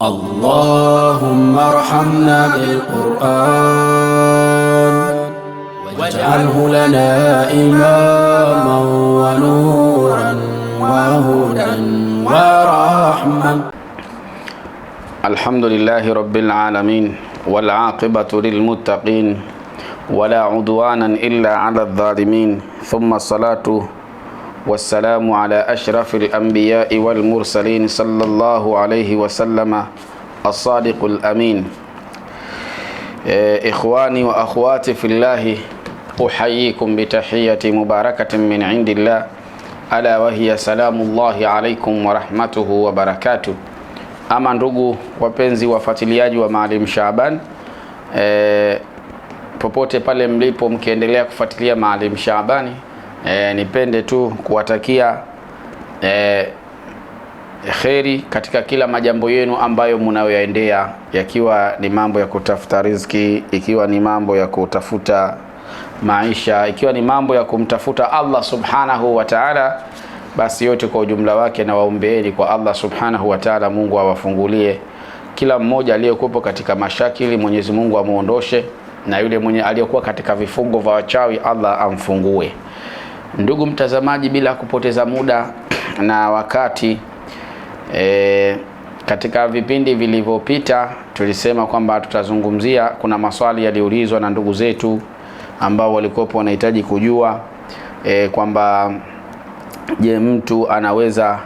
اللهم ارحمنا بالقرآن واجعله لنا إماما ونورا وهدى ورحمة الحمد لله رب العالمين والعاقبة للمتقين ولا عدوانا إلا على الظالمين ثم الصلاة والسلام على أشرف الأنبياء والمرسلين صلى الله عليه وسلم الصادق الأمين إخواني وأخواتي في الله أحييكم بتحية مباركة من عند الله ألا وهي سلام الله عليكم ورحمته وبركاته أما ndugu wapenzi wafuatiliaji wa Maalim Shaaban popote pale mlipo mkiendelea kufuatilia Maalim Shaabani e, nipende tu kuwatakia e, kheri katika kila majambo yenu ambayo munayoendea, yakiwa ni mambo ya kutafuta riziki, ikiwa ni mambo ya kutafuta maisha, ikiwa ni mambo ya kumtafuta Allah subhanahu wa ta'ala, basi yote kwa ujumla wake na waumbeeni kwa Allah subhanahu wa ta'ala, Mungu awafungulie kila mmoja aliyekuwepo katika mashakili, Mwenyezi Mungu amuondoshe, na yule mwenye aliyokuwa katika vifungo vya wachawi, Allah amfungue. Ndugu mtazamaji, bila kupoteza muda na wakati e, katika vipindi vilivyopita tulisema kwamba tutazungumzia, kuna maswali yaliyoulizwa na ndugu zetu ambao walikuwepo wanahitaji kujua e, kwamba je, mtu anaweza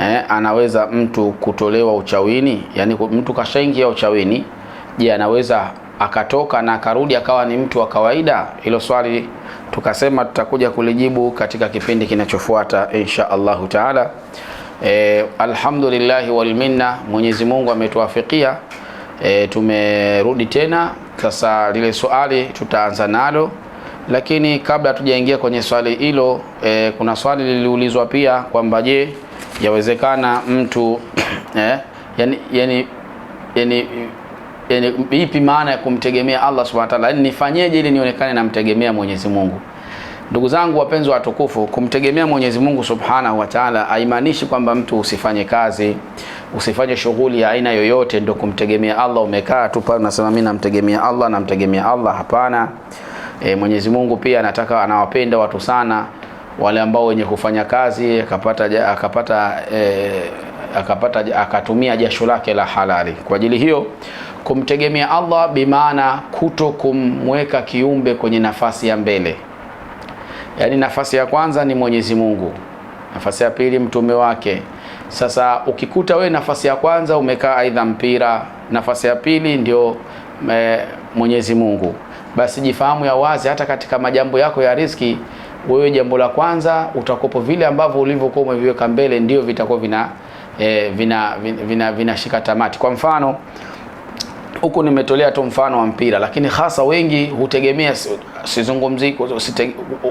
e, anaweza mtu kutolewa uchawini, yaani mtu kashaingia uchawini, je anaweza akatoka na akarudi akawa ni mtu wa kawaida? Hilo swali tukasema tutakuja kulijibu katika kipindi kinachofuata insha Allahu taala. E, alhamdulillahi walminna, Mwenyezi Mungu ametuafikia e, tumerudi tena sasa. Lile swali tutaanza nalo, lakini kabla hatujaingia kwenye swali hilo e, kuna swali liliulizwa pia kwamba je, yawezekana mtu eh, yani, yani, yani yani ipi maana ya kumtegemea Allah subhanahu wa ta'ala, yaani, nifanyeje ili nionekane namtegemea Mwenyezi Mungu? Ndugu zangu wapenzi watukufu, kumtegemea Mwenyezi Mungu subhanahu wa ta'ala haimaanishi kwamba mtu usifanye kazi, usifanye shughuli ya aina yoyote ndio kumtegemea Allah. Umekaa tu pale unasema mimi namtegemea Allah, namtegemea Allah. Hapana. E, Mwenyezi Mungu pia anataka, anawapenda watu sana wale ambao wenye kufanya kazi akapata akapata e, akapata akatumia jasho lake la halali. Kwa ajili hiyo kumtegemea Allah bi maana kuto kumweka kiumbe kwenye nafasi ya mbele, yaani nafasi ya kwanza ni Mwenyezi Mungu, nafasi ya pili mtume wake. Sasa ukikuta we nafasi ya kwanza umekaa aidha mpira, nafasi ya pili ndio e, Mwenyezi Mungu, basi jifahamu ya wazi, hata katika majambo yako ya riziki, wewe jambo la kwanza utakopo vile ambavyo ulivyokuwa umeviweka mbele, ndio vitakuwa vina e, vinashika vina, vinashika vina tamati. Kwa mfano huku nimetolea tu mfano wa mpira, lakini hasa wengi hutegemea, sizungumzi,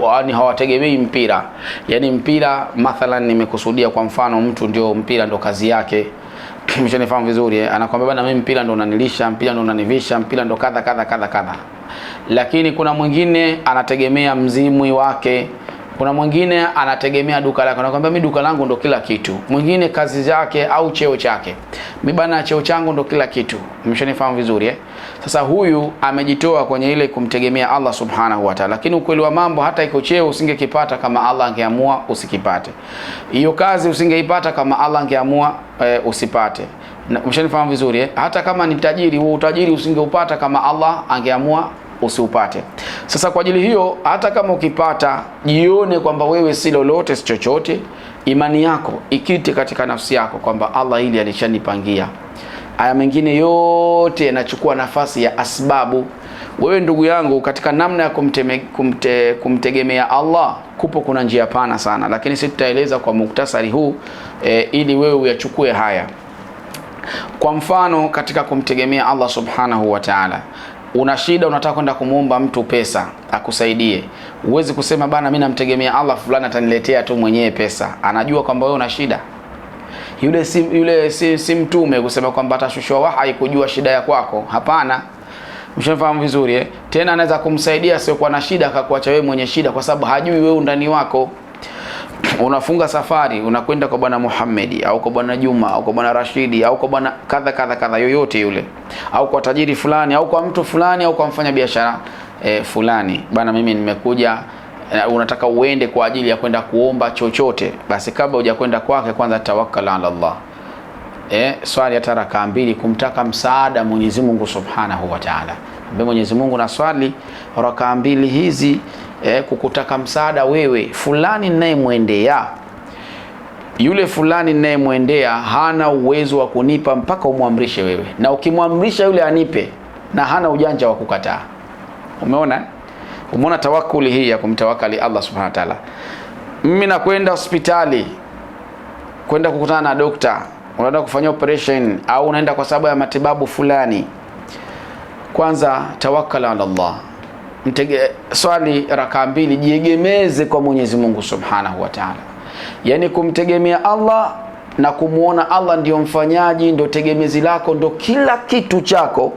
yaani hawategemei mpira. yani mpira mathalan, nimekusudia kwa mfano mtu ndio mpira ndo kazi yake mshanifahamu vizuri eh? Anakwambia bana, mimi mpira ndo unanilisha, mpira ndo unanivisha, mpira ndo kadha kadha kadha kadha. Lakini kuna mwingine anategemea mzimwi wake kuna mwingine anategemea duka lake, anakwambia mimi duka langu ndo kila kitu. Mwingine kazi zake au cheo chake, mi bana, cheo changu ndo kila kitu. Mmeshanifahamu vizuri eh? Sasa huyu amejitoa kwenye ile kumtegemea Allah subhanahu wa ta'ala, lakini ukweli wa mambo, hata iko cheo usingekipata kama Allah angeamua usikipate, hiyo kazi usingeipata kama Allah angeamua eh, usipate Mshanifahamu vizuri eh? Hata kama ni tajiri, huo utajiri usingeupata kama Allah angeamua usiupate. Sasa kwa ajili hiyo, hata kama ukipata, jione kwamba wewe si lolote, si chochote. Imani yako ikite katika nafsi yako kwamba Allah hili alishanipangia. Haya mengine yote yanachukua nafasi ya asbabu. Wewe ndugu yangu, katika namna ya kumtegemea kumte, kumtegemea Allah kupo kuna njia pana sana, lakini si tutaeleza kwa muktasari huu e, ili wewe uyachukue haya. Kwa mfano katika kumtegemea Allah subhanahu wa ta'ala, una shida, unataka kwenda kumuomba mtu pesa akusaidie, uwezi kusema bana, mimi namtegemea Allah fulani ataniletea tu mwenyewe pesa. Anajua kwamba wewe una shida. Yule si, yule si, si mtume kusema kwamba atashushwa wahai kujua shida ya kwako. Hapana, mshafahamu vizuri eh? Tena anaweza kumsaidia sio kwa na shida akakuacha wewe mwenye shida, kwa sababu hajui wewe undani wako unafunga safari unakwenda kwa bwana Muhammad au kwa bwana Juma au kwa bwana Rashidi au kwa bwana kadha kadha kadha yoyote yule au kwa tajiri fulani au kwa mtu fulani au kwa biashara e, fulani bwana, mimi nimekuja e, unataka uende kwa ajili ya kwenda kuomba chochote, basi kabla hujakwenda kwake, kwanza tawakkal ala Allah eh, swali hata rakaa mbili kumtaka msaada Mwenyezi Mungu Subhanahu wa Ta'ala. Mbe Mwenyezi Mungu na swali rakaa mbili hizi eh, kukutaka msaada wewe, fulani ninayemwendea yule fulani ninayemwendea hana uwezo wa kunipa mpaka umwamrishe wewe, na ukimwamrisha yule anipe, na hana ujanja wa kukataa. Umeona, umeona tawakuli hii ya kumtawakali Allah Subhanahu wa Ta'ala. Mimi nakwenda hospitali kwenda kukutana na dokta unaenda kufanya operation au unaenda kwa sababu ya matibabu fulani, kwanza tawakkal ala Allah, mtege swali rakaa mbili, jiegemeze kwa Mwenyezi Mungu subhanahu wa taala, yani kumtegemea Allah na kumwona Allah ndio mfanyaji, ndio tegemezi lako, ndio kila kitu chako,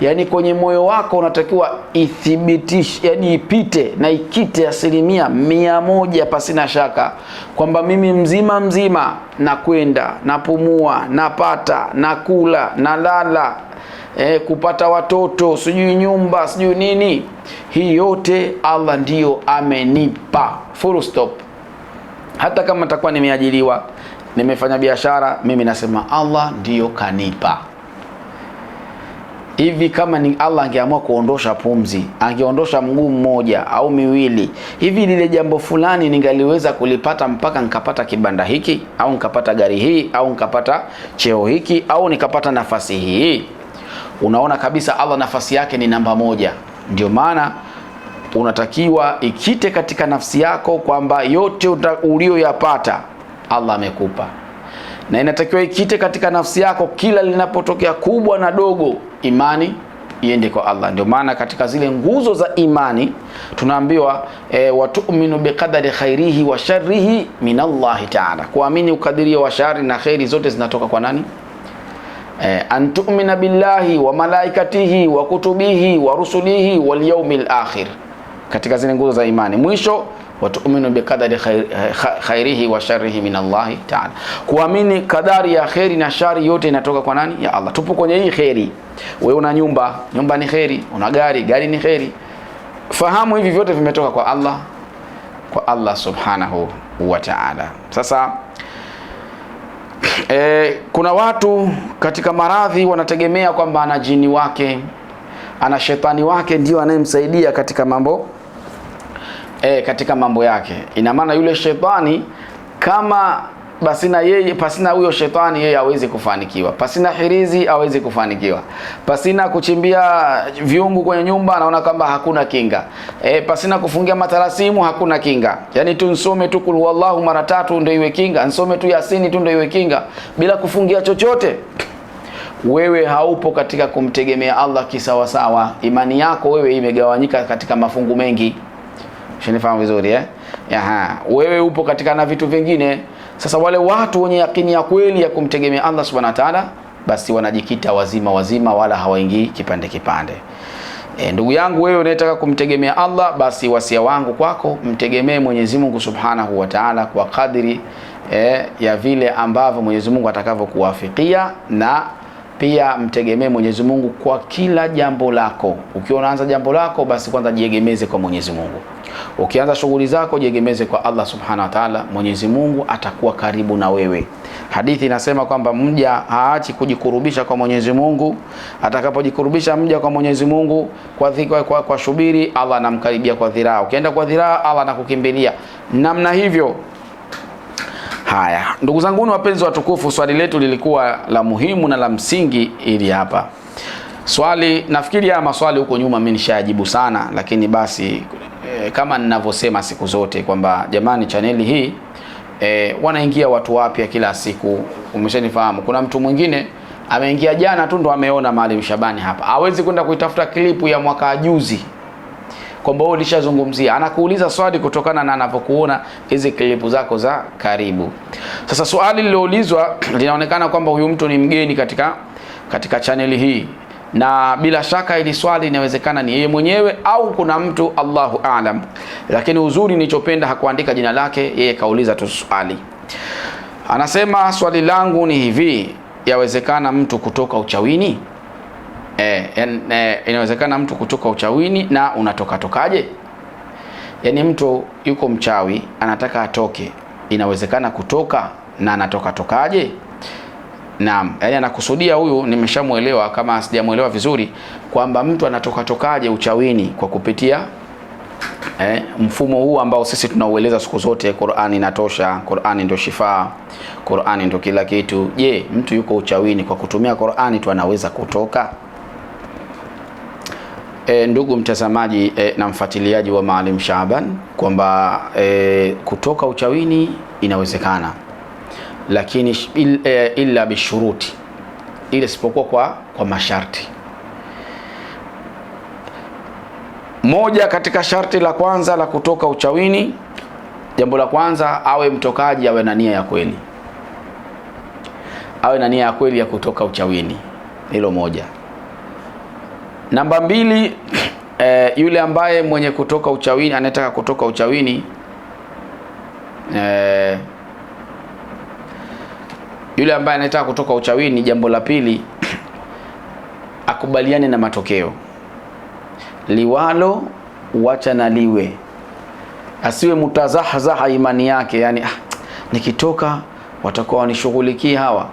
yani kwenye moyo wako unatakiwa ithibitishe, yani ipite na ikite asilimia mia moja pasina shaka kwamba mimi mzima mzima nakwenda, napumua, napata, nakula, nalala Eh, kupata watoto sijui nyumba sijui nini, hii yote Allah ndiyo amenipa, full stop. Hata kama nitakuwa nimeajiriwa nimefanya biashara, mimi nasema Allah ndiyo kanipa hivi. Kama ni Allah angeamua kuondosha pumzi, angeondosha mguu mmoja au miwili, hivi lile jambo fulani ningaliweza kulipata mpaka nikapata kibanda hiki au nikapata gari hii au nikapata cheo hiki au nikapata nafasi hii? Unaona kabisa Allah nafasi yake ni namba moja. Ndio maana unatakiwa ikite katika nafsi yako kwamba yote ulioyapata Allah amekupa, na inatakiwa ikite katika nafsi yako kila linapotokea kubwa na dogo, imani iende kwa Allah. Ndio maana katika zile nguzo za imani tunaambiwa e, watuminu biqadari khairihi wa sharrihi min Allahi taala, kuamini ukadiria wa shari na khairi zote zinatoka kwa nani? E, antumina billahi wa malaikatihi wa kutubihi wa rusulihi wal yaumil akhir, katika zile nguzo za imani mwisho watuminu bikadari khairihi wa sharrihi min Allahi taala, kuamini kadari ya kheri na shari yote inatoka kwa nani? Ya Allah. Tupo kwenye hii kheri. Wewe una nyumba, nyumba ni kheri. Una gari, gari ni kheri. Fahamu hivi vyote vimetoka kwa Allah, kwa Allah subhanahu wa taala. Sasa e, kuna watu katika maradhi wanategemea kwamba ana jini wake ana shetani wake ndio anayemsaidia katika mambo e, katika mambo yake. Ina maana yule shetani kama pasina yeye, pasina huyo shetani yeye hawezi kufanikiwa, pasina hirizi hawezi kufanikiwa, pasina kuchimbia viungu kwenye nyumba anaona kwamba hakuna kinga e, pasina kufungia matarasimu hakuna kinga. Yani tu nsome tu kul wallahu mara tatu ndio iwe kinga, nsome tu Yasini tu ndio iwe kinga, bila kufungia chochote wewe haupo katika kumtegemea Allah kisawasawa. Imani yako wewe imegawanyika katika mafungu mengi. Shinifahamu vizuri eh? Aha, wewe upo katika na vitu vingine. Sasa wale watu wenye yakini ya kweli ya kumtegemea Allah subhanahu wa ta'ala, basi wanajikita wazima wazima, wala hawaingii kipande kipande. E, ndugu yangu wewe unayetaka kumtegemea Allah, basi wasia wangu kwako, mtegemee Mwenyezi Mungu subhanahu wa ta'ala kwa kadiri e, ya vile ambavyo Mwenyezi Mungu atakavyokuwafikia na pia mtegemee Mwenyezi Mungu kwa kila jambo lako. Ukiwa unaanza jambo lako, basi kwanza jiegemeze kwa Mwenyezi Mungu. Ukianza shughuli zako, jiegemeze kwa Allah subhanahu wa taala. Mwenyezi Mungu atakuwa karibu na wewe. Hadithi inasema kwamba mja haachi kujikurubisha kwa Mwenyezi Mungu. Atakapojikurubisha mja kwa Mwenyezi Mungu kwa, dhikwa, kwa, kwa shubiri, Allah anamkaribia kwa dhiraa. Ukienda kwa dhiraa, Allah anakukimbilia namna hivyo Haya ndugu zangu ni wapenzi watukufu, swali letu lilikuwa la muhimu na la msingi ili hapa swali, nafikiri haya maswali huko nyuma mimi nishajibu sana, lakini basi e, kama ninavyosema siku zote kwamba jamani, chaneli hii e, wanaingia watu wapya kila siku, umeshanifahamu. Kuna mtu mwingine ameingia jana tu ndo ameona Maalim Shabani hapa, hawezi kwenda kuitafuta klipu ya mwaka juzi kwamba wewe ulishazungumzia, anakuuliza swali kutokana na anapokuona hizi klipu zako za karibu. Sasa swali liloulizwa linaonekana kwamba huyu mtu ni mgeni katika katika chaneli hii na bila shaka ili swali inawezekana ni yeye mwenyewe au kuna mtu, Allahu aalam. Lakini uzuri nilichopenda hakuandika jina lake, yeye kauliza tu swali. Anasema swali langu ni hivi, yawezekana mtu kutoka uchawini? eh, eh, inawezekana mtu kutoka uchawini na unatokatokaje? Yaani mtu yuko mchawi anataka atoke, inawezekana kutoka na anatokatokaje? Naam, yaani anakusudia huyu, nimeshamwelewa kama sijamwelewa vizuri, kwamba mtu anatokatokaje uchawini kwa kupitia Eh, mfumo huu ambao sisi tunaueleza siku zote, Qur'ani inatosha, Qur'ani ndio shifaa, Qur'ani ndio kila kitu. Je, mtu yuko uchawini kwa kutumia Qur'ani tu anaweza kutoka? E, ndugu mtazamaji e, na mfuatiliaji wa Maalim Shaaban kwamba e, kutoka uchawini inawezekana, lakini il, e, illa bishuruti, ile isipokuwa kwa, kwa masharti. Moja katika sharti la kwanza la kutoka uchawini, jambo la kwanza, awe mtokaji awe na nia ya kweli, awe na nia ya kweli ya kutoka uchawini, hilo moja. Namba mbili, e, yule ambaye mwenye kutoka uchawini anayetaka kutoka uchawini e, yule ambaye anayetaka kutoka uchawini, jambo la pili akubaliane na matokeo. Liwalo wacha na liwe, asiwe mutazahzaha imani yake, yani ah, nikitoka watakuwa wanishughulikia hawa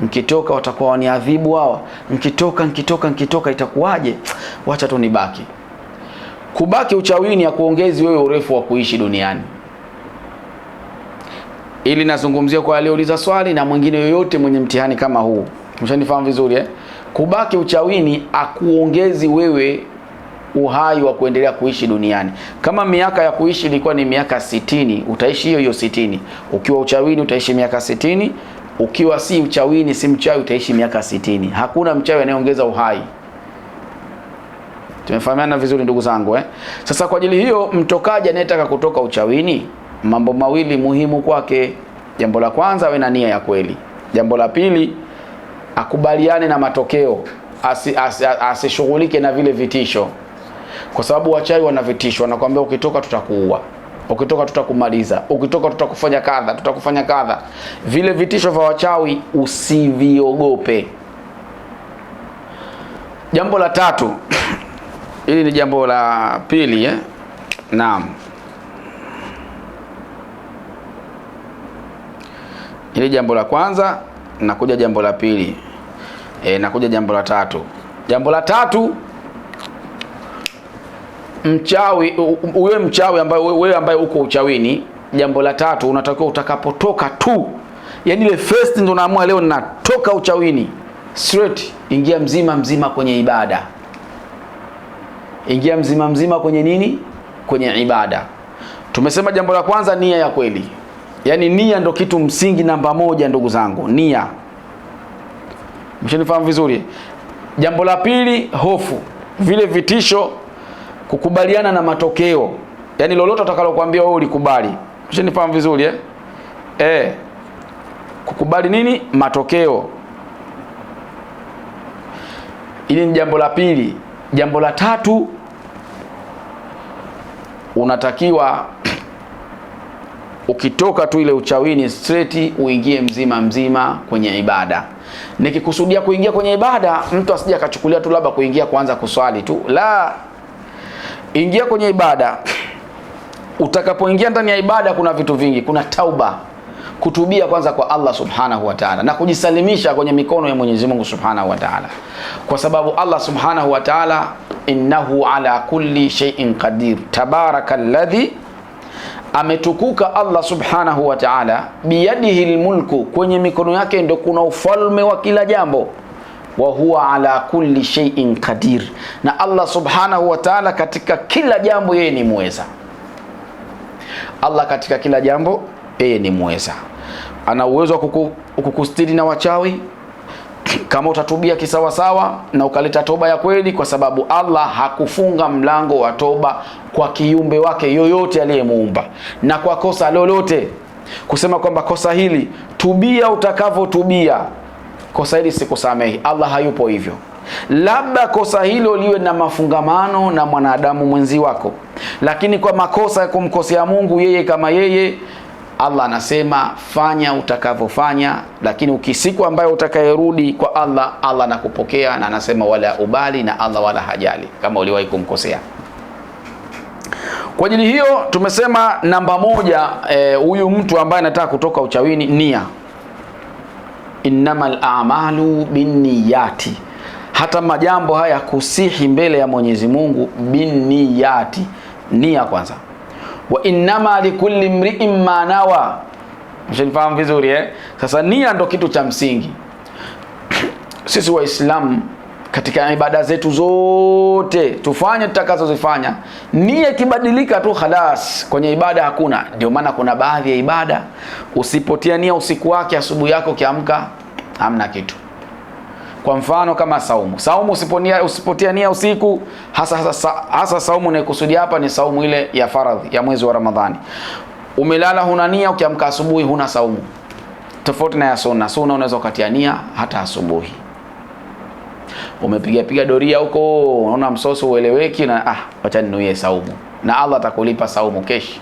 mkitoka watakuwa waniadhibu hawa, mkitoka mkitoka mkitoka itakuwaje? Wacha tu nibaki. Kubaki uchawini hakuongezi wewe urefu wa kuishi duniani. Ili nazungumzia kwa aliyeuliza swali na mwingine yoyote mwenye mtihani kama huu, mshanifahamu vizuri eh? Kubaki uchawini akuongezi wewe uhai wa kuendelea kuishi duniani. Kama miaka ya kuishi ilikuwa ni miaka sitini, utaishi hiyo hiyo sitini. Ukiwa uchawini utaishi miaka sitini. Ukiwa si uchawini, si mchawi, utaishi miaka sitini. Hakuna mchawi anayeongeza uhai. Tumefahamiana vizuri ndugu zangu eh? Sasa kwa ajili hiyo, mtokaji anayetaka kutoka uchawini, mambo mawili muhimu kwake. Jambo la kwanza, awe na nia ya kweli. Jambo la pili, akubaliane na matokeo, asishughulike asi, asi na vile vitisho, kwa sababu wachawi wana vitisho, wanakuambia ukitoka tutakuua ukitoka tutakumaliza, ukitoka tutakufanya kadha, tutakufanya kadha. Vile vitisho vya wachawi usiviogope. Jambo la tatu hili ni jambo la pili eh? Naam, hili jambo la kwanza, nakuja jambo la pili eh, nakuja jambo la tatu. Jambo la tatu mchawi uwe mchawi ambaye wewe ambaye uko uchawini. Jambo la tatu, unatakiwa utakapotoka tu, yani ile first ndio naamua leo ninatoka uchawini straight, ingia mzima mzima kwenye ibada. Ingia mzima mzima kwenye nini? Kwenye ibada. Tumesema jambo la kwanza, nia ya kweli. yani nia ndo kitu msingi namba moja, ndugu zangu, nia. Mshanifahamu vizuri. Jambo la pili, hofu, vile vitisho kukubaliana na matokeo, yaani lolote utakalokuambia wewe ulikubali. Ushanifahamu vizuri eh? Eh, kukubali nini? Matokeo. Hili ni jambo la pili. Jambo la tatu, unatakiwa ukitoka tu ile uchawini straight uingie mzima mzima kwenye ibada. Nikikusudia kuingia kwenye ibada, mtu asije akachukulia tu labda kuingia kuanza kuswali tu la ingia kwenye ibada. Utakapoingia ndani ya ibada, kuna vitu vingi, kuna tauba kutubia kwanza kwa Allah subhanahu wa ta'ala na kujisalimisha kwenye mikono ya Mwenyezi Mungu subhanahu wa ta'ala, kwa sababu Allah subhanahu wa ta'ala, innahu ala kulli shay'in qadir tabarakalladhi, ametukuka Allah subhanahu wa ta'ala, biyadihi almulku, kwenye mikono yake ndio kuna ufalme wa kila jambo wa huwa ala kulli shay'in qadir, na Allah subhanahu wa ta'ala katika kila jambo yeye ni muweza. Allah katika kila jambo yeye ni muweza, ana uwezo wa kukustiri na wachawi kama utatubia kisawasawa na ukaleta toba ya kweli, kwa sababu Allah hakufunga mlango wa toba kwa kiumbe wake yoyote aliyemuumba, na kwa kosa lolote kusema kwamba kosa hili tubia utakavyotubia kosa hili sikusamehi. Allah hayupo hivyo. Labda kosa hilo liwe na mafungamano na mwanadamu mwenzi wako, lakini kwa makosa ya kumkosea Mungu yeye kama yeye, Allah anasema fanya utakavyofanya, lakini ukisiku ambayo utakayerudi kwa Allah, Allah anakupokea na anasema wala ubali, na Allah wala hajali kama uliwahi kumkosea. Kwa ajili hiyo tumesema namba moja, eh, huyu e, mtu ambaye anataka kutoka uchawini, nia innamal a'malu binniyati, hata majambo haya kusihi mbele ya Mwenyezi Mungu binniyati, nia kwanza. Wa innama likulli mri'in ma nawa. vizuri eh? Sasa nia ndo kitu cha msingi. Sisi Waislamu katika ibada zetu zote tufanye tutakazozifanya, nia ikibadilika tu khalas, kwenye ibada hakuna. Ndio maana kuna baadhi ya ibada usipotia nia usiku wake, asubuhi yako ukiamka hamna kitu. Kwa mfano kama saumu, saumu usiponia, usipotia nia usiku hasa, hasa, hasa saumu naikusudia hapa ni saumu ile ya faradhi ya mwezi wa Ramadhani. Umelala huna nia, ukiamka asubuhi huna saumu, tofauti na ya sunna. Sunna unaweza ukatia nia hata asubuhi umepiga piga doria huko, unaona msoso ueleweki, na ah, acha ninuie saumu, na Allah atakulipa saumu keshi.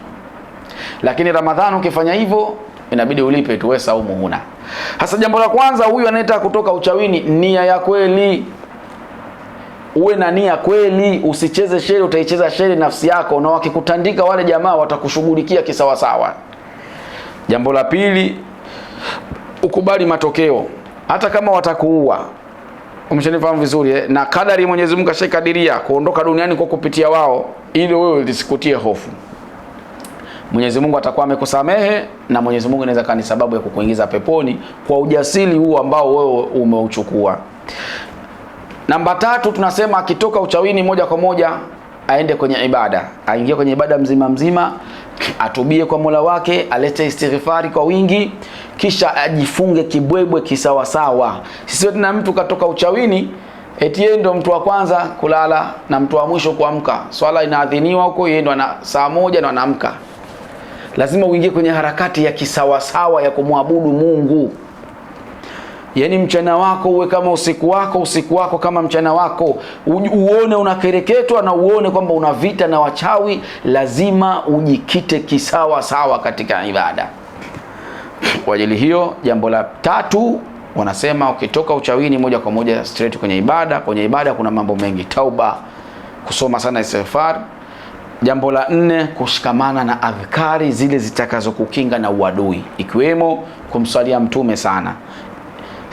Lakini Ramadhani ukifanya hivyo inabidi ulipe tu, wewe saumu huna. Hasa jambo la kwanza, huyu anayetaka kutoka uchawini, nia ya kweli uwe na nia kweli, usicheze sheri, utaicheza sheri nafsi yako, na wakikutandika wale jamaa watakushughulikia kisawasawa. Jambo la pili, ukubali matokeo, hata kama watakuua umeshanifahamu vizuri eh? Na kadari Mwenyezi Mungu ashaikadiria kuondoka duniani kwa kupitia wao, ili wewe lisikutie hofu. Mwenyezi Mungu atakuwa amekusamehe na Mwenyezi Mungu anaweza kani ni sababu ya kukuingiza peponi kwa ujasiri huu ambao wewe umeuchukua. Namba tatu, tunasema akitoka uchawini moja kwa moja aende kwenye ibada, aingie kwenye ibada mzima mzima atubie kwa Mola wake, alete istighfari kwa wingi, kisha ajifunge kibwebwe kisawasawa. Sisi tena mtu katoka uchawini eti yeye ndo mtu wa kwanza kulala na mtu wa mwisho kuamka. Swala inaadhiniwa huko, yeye ndo ana saa moja na anaamka. Lazima uingie kwenye harakati ya kisawasawa ya kumwabudu Mungu. Yaani mchana wako uwe kama usiku wako, usiku wako kama mchana wako. Uone unakereketwa na uone kwamba una vita na wachawi, lazima ujikite kisawa sawa katika ibada. Kwa ajili hiyo, jambo la tatu wanasema ukitoka uchawini moja kwa moja straight kwenye ibada. Kwenye ibada kuna mambo mengi, tauba, kusoma sana istighfar. Jambo la nne, kushikamana na adhkari zile zitakazokukinga na uadui, ikiwemo kumswalia mtume sana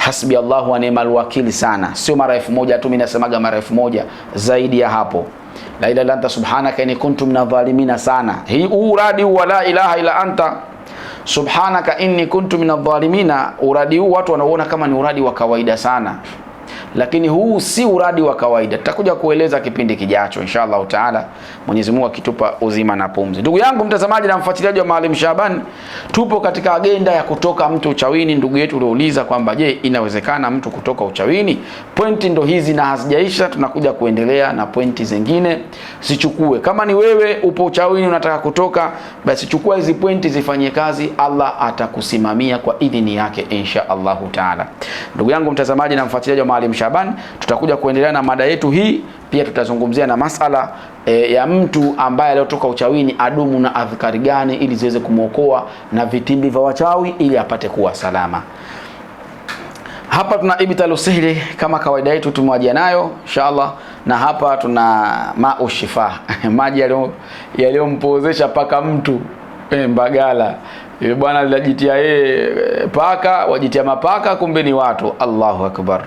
hasbi Allahu wa ni'mal wakili sana, sio mara elfu moja tu. Mimi nasemaga mara elfu moja zaidi ya hapo. La ilaha illa anta subhanaka inni kuntu minadh-dhalimina sana. Hii uradi wa la ilaha illa anta subhanaka inni kuntu minadh-dhalimina, uradi huu watu wanaona kama ni uradi wa kawaida sana lakini huu si uradi wa kawaida. Tutakuja kueleza kipindi kijacho inshallah taala, Mwenyezi Mungu akitupa uzima na pumzi. Ndugu yangu mtazamaji na mfuatiliaji wa Maalim Shaban, tupo katika agenda ya kutoka mtu uchawini. Ndugu yetu uliouliza kwamba je, inawezekana mtu kutoka uchawini? Pointi ndo hizi na hazijaisha, tunakuja kuendelea na pointi zingine. Sichukue kama ni wewe upo uchawini unataka kutoka, basi chukua hizi pointi zifanyie kazi, Allah atakusimamia kwa idhini yake inshallah taala. Ndugu yangu mtazamaji na mfuatiliaji wa Maalim Shabani Shabani. Tutakuja kuendelea na mada yetu hii, pia tutazungumzia na masala e, ya mtu ambaye aliyotoka uchawini adumu na adhkari gani ili ziweze kumwokoa na vitimbi vya wachawi ili apate kuwa salama. Hapa tuna ibtalu sihri kama kawaida yetu tumewajia nayo inshallah, na hapa tuna maushifa maji yaliyompozesha paka mtu e, Mbagala yule bwana linajitia yeye eh, paka, wajitia mapaka, kumbe ni watu. Allahu akbar!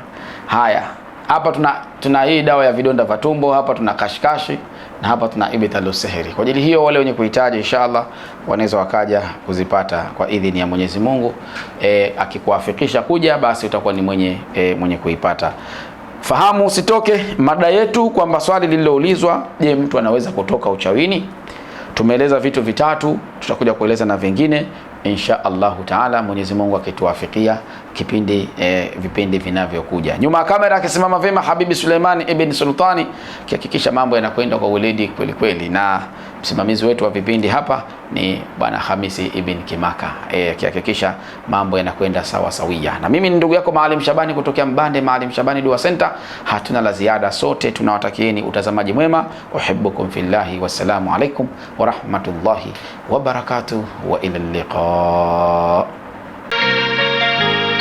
Haya, hapa tuna tuna hii dawa ya vidonda vya tumbo, hapa tuna kashikashi na hapa tuna ibtalu sihiri. Kwa ajili hiyo, wale wenye kuhitaji inshallah wanaweza wakaja kuzipata kwa idhini ya Mwenyezi Mungu. E, akikuafikisha kuja, basi utakuwa ni mwenye e, mwenye kuipata. Fahamu usitoke. Mada yetu kwamba swali lililoulizwa, je, mtu anaweza kutoka uchawini? Tumeeleza vitu vitatu, tutakuja kueleza na vingine insha Allahu taala, Mwenyezi Mungu akituwafikia kipindi eh, vipindi vinavyokuja. Nyuma ya kamera akisimama vyema Habibi Suleimani Ibn Sultani, akihakikisha mambo yanakwenda kwa weledi kweli kweli, na msimamizi wetu wa vipindi hapa ni bwana Hamisi Ibn Kimaka eh, akihakikisha eh, mambo yanakwenda sawa sawia. Na mimi ni ndugu yako Maalim Shabani kutokea Mbande, Maalim Shabani Dua Center. Hatuna la ziada, sote tunawatakieni utazamaji mwema. Uhibbukum fillahi, wassalamu alaikum wa wabarakatuh wa ila liqa